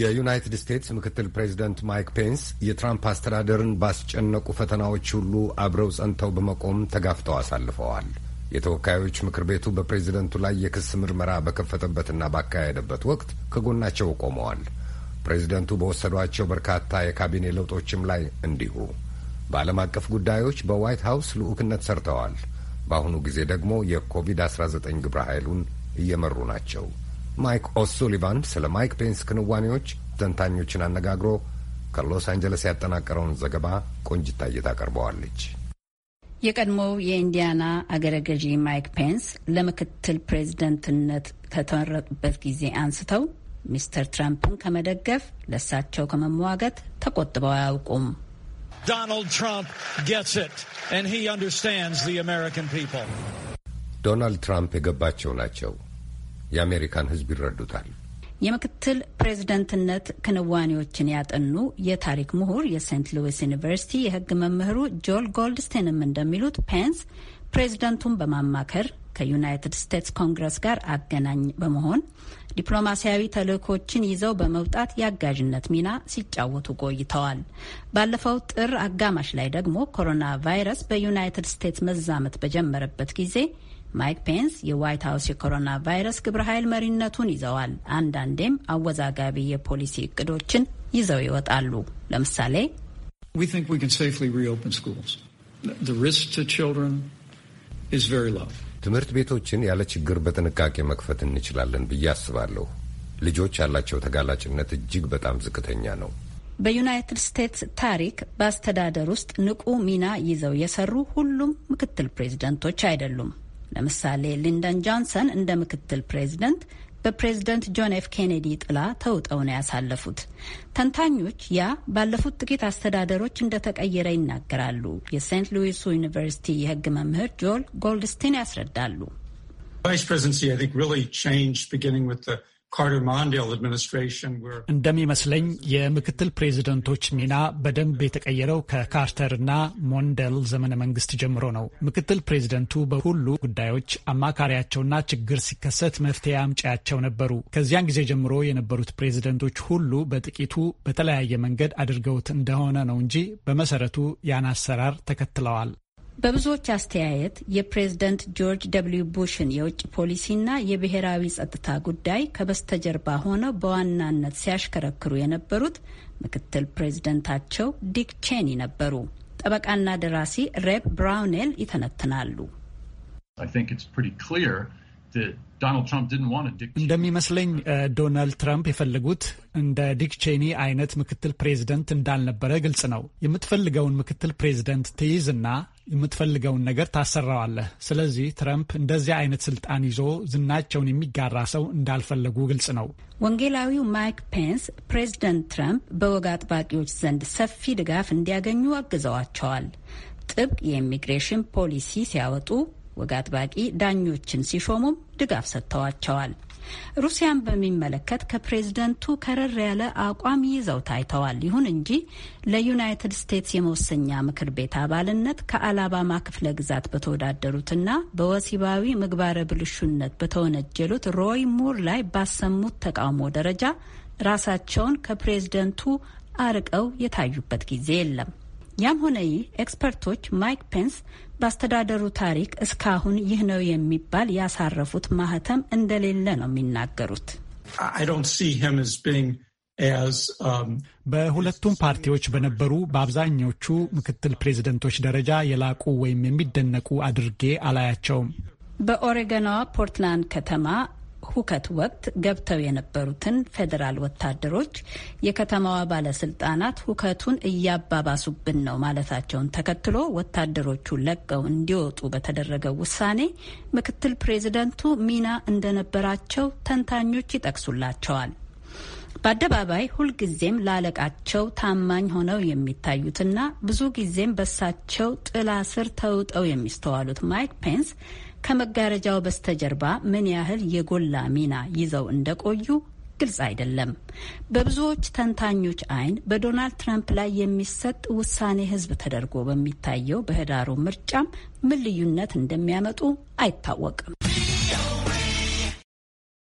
የዩናይትድ ስቴትስ ምክትል ፕሬዚደንት ማይክ ፔንስ የትራምፕ አስተዳደርን ባስጨነቁ ፈተናዎች ሁሉ አብረው ጸንተው በመቆም ተጋፍጠው አሳልፈዋል። የተወካዮች ምክር ቤቱ በፕሬዚደንቱ ላይ የክስ ምርመራ በከፈተበትና ባካሄደበት ወቅት ከጎናቸው ቆመዋል። ፕሬዚደንቱ በወሰዷቸው በርካታ የካቢኔ ለውጦችም ላይ እንዲሁ። በዓለም አቀፍ ጉዳዮች በዋይት ሀውስ ልዑክነት ሰርተዋል። በአሁኑ ጊዜ ደግሞ የኮቪድ-19 ግብረ ኃይሉን እየመሩ ናቸው። ማይክ ኦሱሊቫን ስለ ማይክ ፔንስ ክንዋኔዎች ተንታኞችን አነጋግሮ ከሎስ አንጀለስ ያጠናቀረውን ዘገባ ቆንጅታየ ታቀርበዋለች። የቀድሞው የኢንዲያና አገረ ገዢ ማይክ ፔንስ ለምክትል ፕሬዝደንትነት ከተመረጡበት ጊዜ አንስተው ሚስተር ትራምፕን ከመደገፍ ለሳቸው ከመሟገት ተቆጥበው አያውቁም። ዶናልድ ትራምፕ የገባቸው ናቸው የአሜሪካን ሕዝብ ይረዱታል። የምክትል ፕሬዝደንትነት ክንዋኔዎችን ያጠኑ የታሪክ ምሁር የሴንት ሉዊስ ዩኒቨርሲቲ የህግ መምህሩ ጆል ጎልድስቴንም እንደሚሉት ፔንስ ፕሬዝደንቱን በማማከር ከዩናይትድ ስቴትስ ኮንግረስ ጋር አገናኝ በመሆን ዲፕሎማሲያዊ ተልእኮችን ይዘው በመውጣት የአጋዥነት ሚና ሲጫወቱ ቆይተዋል። ባለፈው ጥር አጋማሽ ላይ ደግሞ ኮሮና ቫይረስ በዩናይትድ ስቴትስ መዛመት በጀመረበት ጊዜ ማይክ ፔንስ የዋይት ሀውስ የኮሮና ቫይረስ ግብረ ኃይል መሪነቱን ይዘዋል። አንዳንዴም አወዛጋቢ የፖሊሲ እቅዶችን ይዘው ይወጣሉ። ለምሳሌ ትምህርት ቤቶችን ያለ ችግር በጥንቃቄ መክፈት እንችላለን ብዬ አስባለሁ። ልጆች ያላቸው ተጋላጭነት እጅግ በጣም ዝቅተኛ ነው። በዩናይትድ ስቴትስ ታሪክ በአስተዳደር ውስጥ ንቁ ሚና ይዘው የሰሩ ሁሉም ምክትል ፕሬዚደንቶች አይደሉም። ለምሳሌ ሊንደን ጆንሰን እንደ ምክትል ፕሬዝደንት በፕሬዝደንት ጆን ኤፍ ኬኔዲ ጥላ ተውጠው ነው ያሳለፉት። ተንታኞች ያ ባለፉት ጥቂት አስተዳደሮች እንደተቀየረ ይናገራሉ። የሴንት ሉዊሱ ዩኒቨርሲቲ የሕግ መምህር ጆል ጎልድስቲን ያስረዳሉ። ቫይስ ፕሬዚደንሲ እንደሚመስለኝ የምክትል ፕሬዚደንቶች ሚና በደንብ የተቀየረው ከካርተርና ሞንደል ዘመነ መንግስት ጀምሮ ነው። ምክትል ፕሬዚደንቱ በሁሉ ጉዳዮች አማካሪያቸውና ችግር ሲከሰት መፍትሄ አምጪያቸው ነበሩ። ከዚያን ጊዜ ጀምሮ የነበሩት ፕሬዚደንቶች ሁሉ በጥቂቱ በተለያየ መንገድ አድርገውት እንደሆነ ነው እንጂ በመሰረቱ ያን አሰራር ተከትለዋል። በብዙዎች አስተያየት የፕሬዝደንት ጆርጅ ደብልዩ ቡሽን የውጭ ፖሊሲና የብሔራዊ ጸጥታ ጉዳይ ከበስተጀርባ ሆነው በዋናነት ሲያሽከረክሩ የነበሩት ምክትል ፕሬዝደንታቸው ዲክ ቼኒ ነበሩ። ጠበቃና ደራሲ ሬፕ ብራውኔል ይተነትናሉ። እንደሚመስለኝ ዶናልድ uh, ትራምፕ የፈለጉት እንደ ዲክ ቼኒ አይነት ምክትል ፕሬዝደንት እንዳልነበረ ግልጽ ነው። የምትፈልገውን ምክትል ፕሬዝደንት ትይዝና የምትፈልገውን ነገር ታሰራዋለህ። ስለዚህ ትረምፕ እንደዚያ አይነት ስልጣን ይዞ ዝናቸውን የሚጋራ ሰው እንዳልፈለጉ ግልጽ ነው። ወንጌላዊው ማይክ ፔንስ ፕሬዝደንት ትራምፕ በወግ አጥባቂዎች ዘንድ ሰፊ ድጋፍ እንዲያገኙ አግዘዋቸዋል። ጥብቅ የኢሚግሬሽን ፖሊሲ ሲያወጡ ወግ አጥባቂ ዳኞችን ሲሾሙም ድጋፍ ሰጥተዋቸዋል። ሩሲያን በሚመለከት ከፕሬዝደንቱ ከረር ያለ አቋም ይዘው ታይተዋል። ይሁን እንጂ ለዩናይትድ ስቴትስ የመወሰኛ ምክር ቤት አባልነት ከአላባማ ክፍለ ግዛት በተወዳደሩትና በወሲባዊ ምግባረ ብልሹነት በተወነጀሉት ሮይ ሙር ላይ ባሰሙት ተቃውሞ ደረጃ ራሳቸውን ከፕሬዝደንቱ አርቀው የታዩበት ጊዜ የለም። ያም ሆነ ይህ ኤክስፐርቶች ማይክ ፔንስ በአስተዳደሩ ታሪክ እስካሁን ይህ ነው የሚባል ያሳረፉት ማህተም እንደሌለ ነው የሚናገሩት። um, በሁለቱም ፓርቲዎች በነበሩ በአብዛኞቹ ምክትል ፕሬዝደንቶች ደረጃ የላቁ ወይም የሚደነቁ አድርጌ አላያቸውም። በኦሬገናዋ ፖርትላንድ ከተማ ሁከት ወቅት ገብተው የነበሩትን ፌዴራል ወታደሮች የከተማዋ ባለስልጣናት ሁከቱን እያባባሱብን ነው ማለታቸውን ተከትሎ ወታደሮቹ ለቀው እንዲወጡ በተደረገው ውሳኔ ምክትል ፕሬዚደንቱ ሚና እንደነበራቸው ተንታኞች ይጠቅሱላቸዋል። በአደባባይ ሁልጊዜም ላለቃቸው ታማኝ ሆነው የሚታዩትና ብዙ ጊዜም በሳቸው ጥላ ስር ተውጠው የሚስተዋሉት ማይክ ፔንስ ከመጋረጃው በስተጀርባ ምን ያህል የጎላ ሚና ይዘው እንደቆዩ ግልጽ አይደለም። በብዙዎች ተንታኞች አይን በዶናልድ ትራምፕ ላይ የሚሰጥ ውሳኔ ህዝብ ተደርጎ በሚታየው በህዳሩ ምርጫም ምን ልዩነት እንደሚያመጡ አይታወቅም።